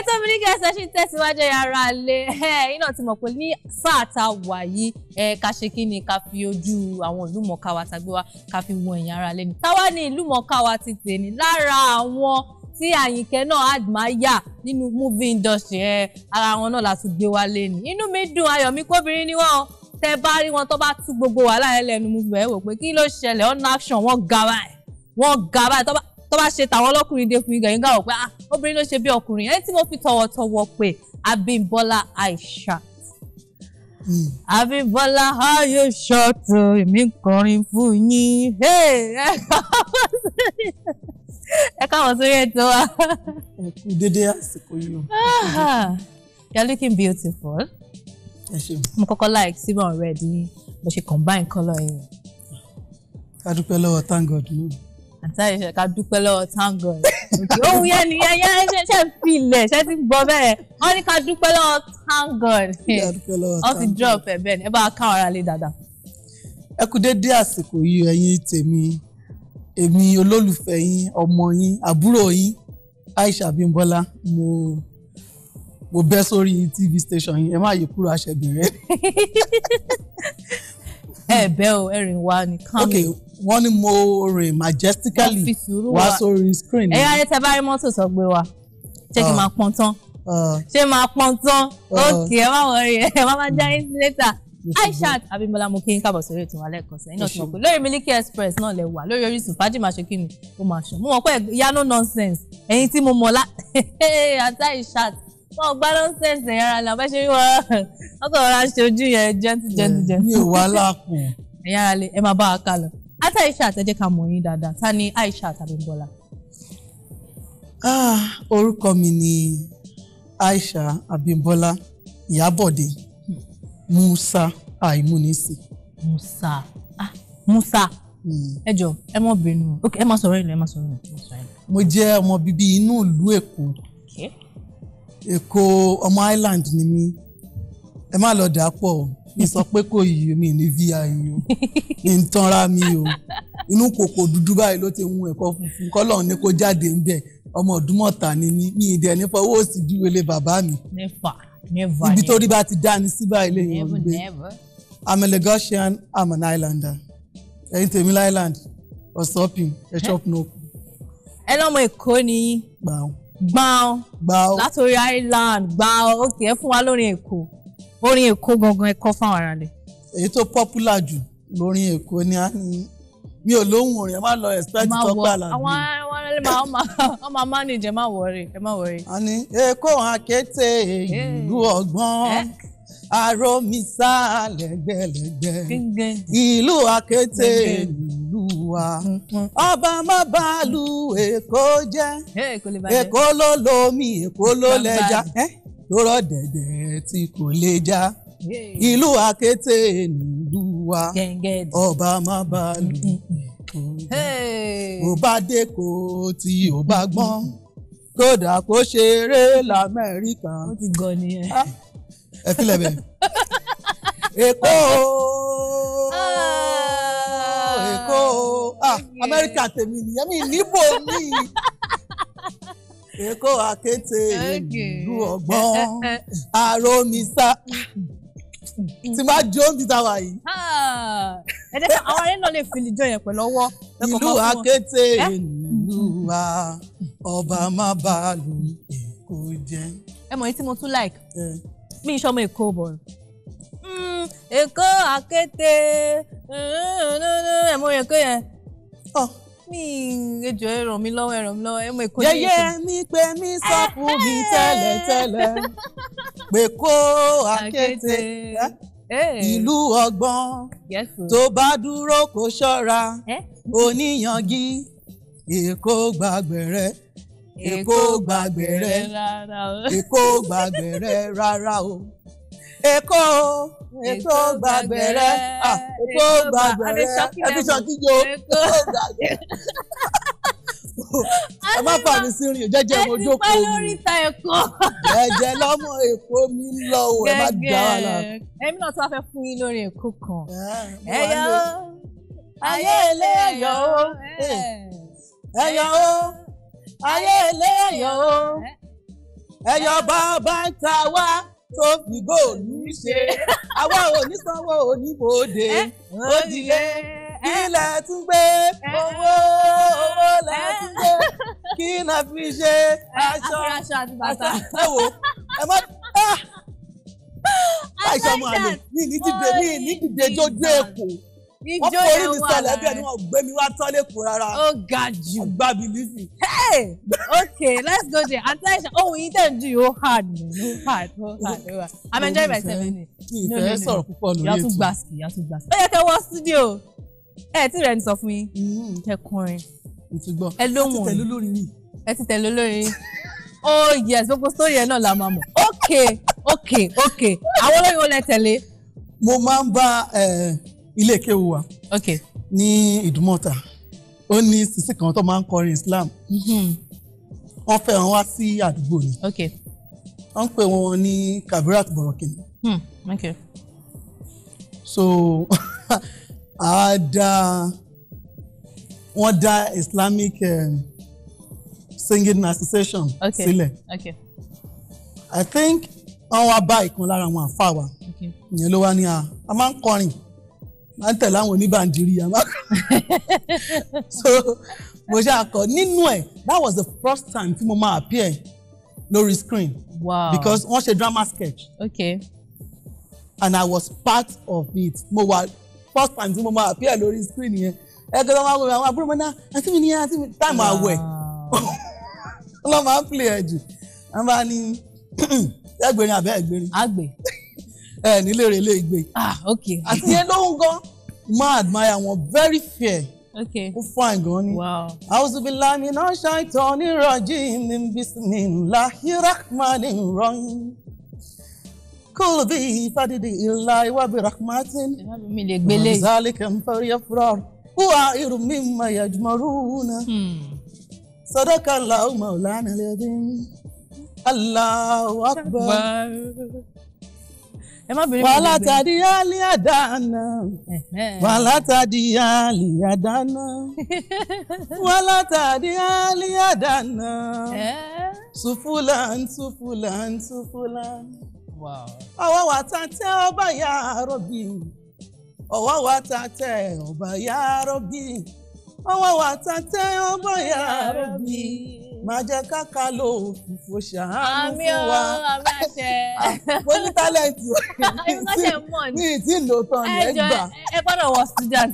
ètò Miliki Expression tẹ̀síwájú ara lé iná ti mọ̀ pé ní sáà ta wà yìí ká ṣe kí ni ká fi ojú àwọn ìlúmọ̀ọ́ká wa tàgbé wa ká fi wọn ẹ̀yìn ara lé ni táwa ní ìlúmọ̀ọ́ká wa ti tèmi lára àwọn tí àyìnkẹ́ náà admire nínú movie industry ẹ ara wọn náà la gbé wa lé ni inú mi dùn ayọ̀ mi kóbìnrin ni wọ́n tẹ bá rí wọn tó bá tú gbogbo wàhálà ẹ lẹ́nu movie ẹ wò pé kí ló ṣẹlẹ̀ ọ̀nà action wọn ga báyìí wọn ga báyìí tó bá tó bá ṣe tàwọn ọlọ́kùnrin dé fún yín gàyíngà ò pé ah obìnrin ló ṣe bí ọkùnrin ẹni tí mo fi tọwọ́tọwọ́ pé Abímbọ́lá Aishat hmm. Abímbọ́lá Aishat èmi ń kọrin fún yín ẹ káwọn sórí ètò wa. ẹ kú dédé àsìkò yìí o. you are looking beautiful. ẹ ṣeun. mo kọ́kọ́ like síbọn rẹ̀ di bó ṣe combine colour yẹn. a dúpẹ́ lọ́wọ́ thank God. Mm àtàrí ṣe ká dúpẹ́ lọ́wọ́ thank God ohun yẹn nìyẹn yẹn ṣe ṣe fi ilẹ̀ ṣe ti gbọ́ bẹ́ẹ̀ wọ́n ní ká dúpẹ́ lọ́wọ́ thank God wọ́n ti drop ẹ̀ bẹ́ẹ̀ ni ẹ bá ká ara lé dáadáa. ẹ kú dédé àsìkò yìí ẹ̀yin tèmi èmi olólùfẹ́ yín ọmọ yín àbúrò yín Aisha Bímbọ́lá mo mo bẹ́ sórí TV station yín ẹ má yẹ kúrò àṣẹgbìn rẹ. ẹ bẹ́ o ẹ rìn wá ní kánò. ok wọ́n ní mo rìn majestically wá sórí screen. ẹ̀yà ayé tẹ bá rí mọ́tò sọ gbé wa ṣé kí n ah. máa pọn tán ah. ṣé máa pọn tán ah. ok ẹ má wọrí ẹ má máa já yín sí létà. Aishat Abímbọ́lá mo kí n kábọ̀ sórí ètò alẹ́ kan sẹ́yìn náà tí mo pè lórí Miliki Express náà lẹ wà lórí Orísun fàájì máa ṣe kí ni ó máa ṣàn mo mọ̀ pé yánú nonsense ẹ̀yin tí mo mọ̀ lá àti Aishat wọn gbá nọ́ńsẹ̀nsì rárá náà bá ṣe rí wọn wọn kàn rọra ṣojú yẹn jẹ́ntì jẹ́ntì jẹ́ntì. mi ò wá láàpù. ẹ̀yà alẹ́ ẹ máa bá a kà lọ. ata Aisha àtẹ̀jẹ́ ká mọ̀ yín dáadáa ta ni Aisha Abímbọ́lá. ah orúkọ mi ni Aisha Abímbọ́lá Ìyábọ̀dé Musa Àìmúnisì. Musa ah Musa hmm. ẹ jọ ẹ mọ bínú ok ẹ má sọ̀rọ̀ ìlú ẹ má sọ̀rọ̀ ìlú. mo jẹ́ ọmọ bíbí inú ìlú Èkó. Èkó ọmọ Island ni mí ẹ má lọ dà pọ̀ mi sọ pé kò yí mi ní vi o mi ń tanra mi o inú kòkò dúdú báyìí ló ti hun ẹ̀kọ́ funfun kọ́lọ̀ ní kó jáde ń bẹ̀ ọmọ ọ̀dúnmọ̀ta ni mí mi ìdẹ̀ nípa owó òsì díwèlé bàbá mi. ibi tó rí bá ti dá ni síbà ilé yẹn ń gbé I'm a Lagosian I'm an islander ẹ̀yin tèmi Island ọ̀sọ́pìn ẹ̀ṣọ́pìn òkú. ẹ lọ́mọ Èkó ni. gbàù gbọ́n látòrí Ireland gbọ́n òkè ẹ fún wa lórin èkó orin èkó gangan ẹ kọ́ fáwọn ará rẹ̀. èyí tó popular jù lórin èkó ni a ní mi ò lóhùn orin ẹ má lọ expect tọ́pẹ́ àlàbí. àwọn àwọn ẹlẹ́lẹ́ máa wọ́n máa manage má wọrí ẹ má wọrí. a ní èkó àkété ìlú eh. ọgbọ́n àròmísà eh? lẹ́gbẹ̀lẹ́gbẹ̀ ìlú àkété ìlú wa ọba má bàálù èkó jẹ́ èkó ló lomi èkó ló lẹ́ja tó rọ̀ dẹ̀dẹ̀ tí kò lè já ìlú àkété nílùú wa ọba má bàálù ò bá dé kó tí ò bá gbọ́n kódà kó ṣeré lamẹ́ríkà. Ah, ẹ filẹ̀ bẹ́ẹ̀ èkó. amẹ́ríkà tèmi nìyẹn mi níbo mi èkó àkété ìlú ọgbọ́n àrò mi sá tí bá jó ń tita wà yìí. ẹ jẹ́ àwọn arẹ́ lè fìlì jọ yẹn pẹ̀lú ọwọ́. ìlú àkété ìlú wa ọba má bá a lù èkó jẹ. ẹ mọ̀ ní tí mo tún like mi ìṣọmọ èkó bọ̀ èkó àkété ẹ̀mọ́ èkó yẹn ọ oh, mi ejò ẹ ràn mí lọ́wọ́ ẹ ràn mí lọ́wọ́ ẹ mọ èkó ní èkó. yẹyẹ mi pé mi sọ fún mi tẹ́lẹ̀ tẹ́lẹ̀ pé kó àkété eh. ìlú ọgbọ́n tó bá dúró kó ṣọ́ra eh? oníyangi èkó gbàgbẹ̀rẹ̀ èkó gbàgbẹ̀rẹ̀ èkó gbàgbẹ̀rẹ̀ rárá o. Èkó Èkó gbàgbẹ̀rẹ̀ Èkó gbàgbẹ̀rẹ̀ Adéṣakíjo Èkó gbàgbẹ̀rẹ̀. Ẹ má fà mí sí rìn jẹ́jẹ́ mo jókòó mi. Ẹ ti pẹ́ lórí ta Èkó. Jẹ́jẹ́ lọ́mọ Èkó mi lọ o, ẹ má dá wa la. Èmi náà tún wá fẹ́ fún yín lórí Èkó kan. Ẹyọ ayé ilé ẹyọ o. Ẹyọ o ayé ilé ẹyọ o. Ẹyọ bàbá ń ta wá tó fi góòlù ṣe àwa onísanwó oníbòde ó dilé kí lẹ tún gbé owó owó lẹ tún gbé kí lẹ fi ṣe aṣọ bàtà ẹ wò ẹ má àìsàn mọ àlè ní ìdíje ní ìdíje tó dé èkó wọ́n forí mi sọ̀lẹ̀ bí ẹni wọ́n gbé mi wá tọ́lé kù rárá. ó ga jù ọgbà bìlífì. okay let's go there attention ohun yìí tẹ̀ ń ju yóò hard ni hard yóò hard yóò hard i'm enjoying myself anyway. ìfẹ́ sọ̀rọ̀ púpọ̀ lórí ètò yàtú gbàsì yàtú gbàsì. ó yẹ kẹ́ wọ studio ẹ tí rẹ̀ ń sọ fún yín kẹ́ kọrin. ìtúgbọ́n ẹ lóhùn ẹ ti tẹ̀lé olórin oh yes gbogbo story ẹ náà la máa mọ̀ okay okay okay àwọn olóyin wo lẹ tẹ̀lé. mo máa ń bá eh, ilé kéwu wa ní ìdúmọ̀tà ó ní sísè kan tó máa ń kọrin Islam mhm. wọ́n fẹ́ wá sí àdúgbò ni wọ́n pè wọn ní Kabirat Borokin. Hmm. Okay. so a dá wọ́n dá Islamic um, singing association okay. sílẹ̀ okay. I think wọ́n wá bá ìkan lára àwọn àfa wa ìyẹn ló wá ní a a máa ń kọrin máa ń tẹ̀lé àwọn oníbàndìrí yà má. so mo ṣàkọ nínú ẹ̀ that was the first time tí mo máa appear lórí screen. wow because wọ́n ṣe drama sketch. okay. and I was part of it mo wà first time tí mo máa appear lórí screen yẹn ẹgbẹ́ tó máa wọ àwọn àbúrò mọ́ná àti mi ní àti mi táìmù àwẹ̀ wọ́n máa ń play ẹ̀ wọ́n bá ní ẹgbẹ̀rin àbẹ́ ẹgbẹ̀rin. àgbẹ̀. ẹ nílé rẹ̀ lè gbé. ah okay. àti yẹn ló ń gan máa admire wọn very fair Okay. ó fine gan ni àwùjọbílà mi náà ṣàìtọ́ onírọ̀jì mi bismillahi rahmanir rahim kúlù bí ìfàdídì ìlà ìwábi rahmatin zalika nfari afrar huwa irú mi ma yajmaruna hmm. sadaka Allahu maulana lẹ́dín Allahu akbar ẹ má bèrè wàhálà tàdí àlì àdáná wàhálà tàdí àlì àdáná wàhálà tàdí àlì àdáná sufulan sufulan sufulan ọwọ́ wa ta tẹ́ ọba ya rọ́bì ọwọ́ wa ta tẹ́ ọba ya rọ́bì ọwọ́ wa ta tẹ́ ọba ya rọ́bì máa jẹ káka ló òfìfo ṣàánú fún wa ah, mo ní tálẹ̀tì ní ìtì lóòótọ́ ni ẹ gbà. ẹ